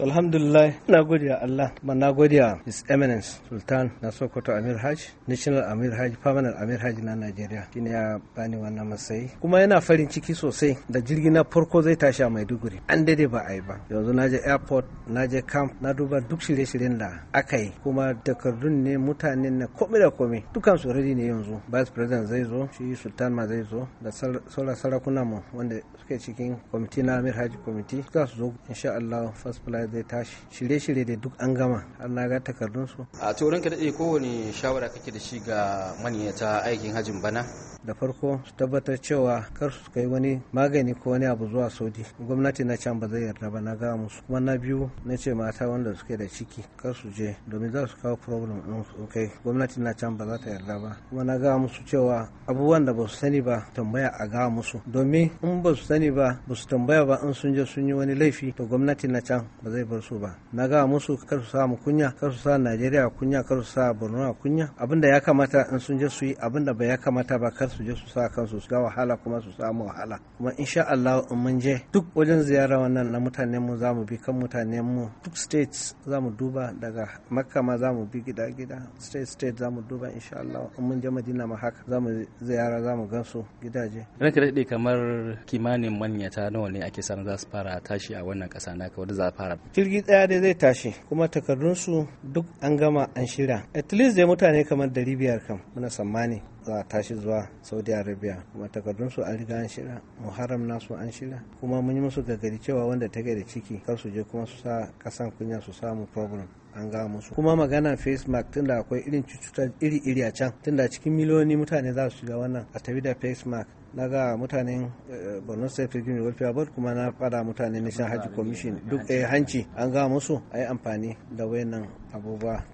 alhamdulillah na gode wa Allah ma na gode wa his eminence sultan na sokoto amir hajj national amir hajj permanent amir hajj na nigeria shine ya bani wannan matsayi kuma yana farin ciki sosai da jirgi na farko zai tashi a maiduguri an dade ba a yi ba yanzu na je airport na je camp na duba duk shirye-shiryen da aka yi kuma takardun ne mutane na komai da komai dukkan su ne yanzu vice president zai zo shi sultan ma zai zo da sauran sarakuna mu wanda suke cikin kwamiti na amir hajj kwamiti za su zo insha Allah first da zai tashi shirye-shirye da duk an gama Allah ga takardun su a turanka da kowane shawara kake da shi ga maniyata aikin hajin bana da farko su tabbatar cewa kar su kai wani magani ko wani abu zuwa saudi gwamnati na can ba zai yarda ba na gaya musu kuma na biyu na ce mata wanda suke da ciki kar su je domin za su kawo problem din su kai gwamnati na can ba za ta yarda ba kuma na gaya musu cewa abubuwan da ba su sani ba tambaya a gaya musu domin in ba su sani ba ba su tambaya ba in sun je sun yi wani laifi to gwamnati na can ba zai bar su ba na ga musu kar su sa mu kunya kar su sa najeriya kunya kar su sa borno kunya abinda ya kamata in sun je su yi abinda ba ya kamata ba kar su je su sa kansu su ga wahala kuma su samu wahala kuma insha Allah mun je duk wajen ziyara wannan na mutanen mu za bi kan mutanen mu duk states za mu duba daga makka ma za bi gida gida state state za mu duba insha Allah in mun je madina ma haka za ziyara za mu su gidaje ka dade kamar kimanin manyata nawa ne ake san za su fara tashi a wannan ƙasa naka wanda za fara jirgi ɗaya dai zai tashi kuma takardun su duk an gama an shirya at least dai mutane kamar dari biyar kam muna tsammani za a tashi zuwa saudi arabia kuma su an riga an shirya muharram nasu an shirya kuma mun yi musu gagari cewa wanda take da ciki kar su je kuma su sa kasan kunya su samu problem an ga musu kuma magana face mask tunda akwai irin cututtuka iri-iri a can tunda cikin miliyoni mutane za su shiga wannan a tafi da face mask na ga mutanen eh, borno state pilgrim welfare board kuma na fada na national hajji commission duk eh, hanci an ga musu a yi amfani da wayannan abubuwa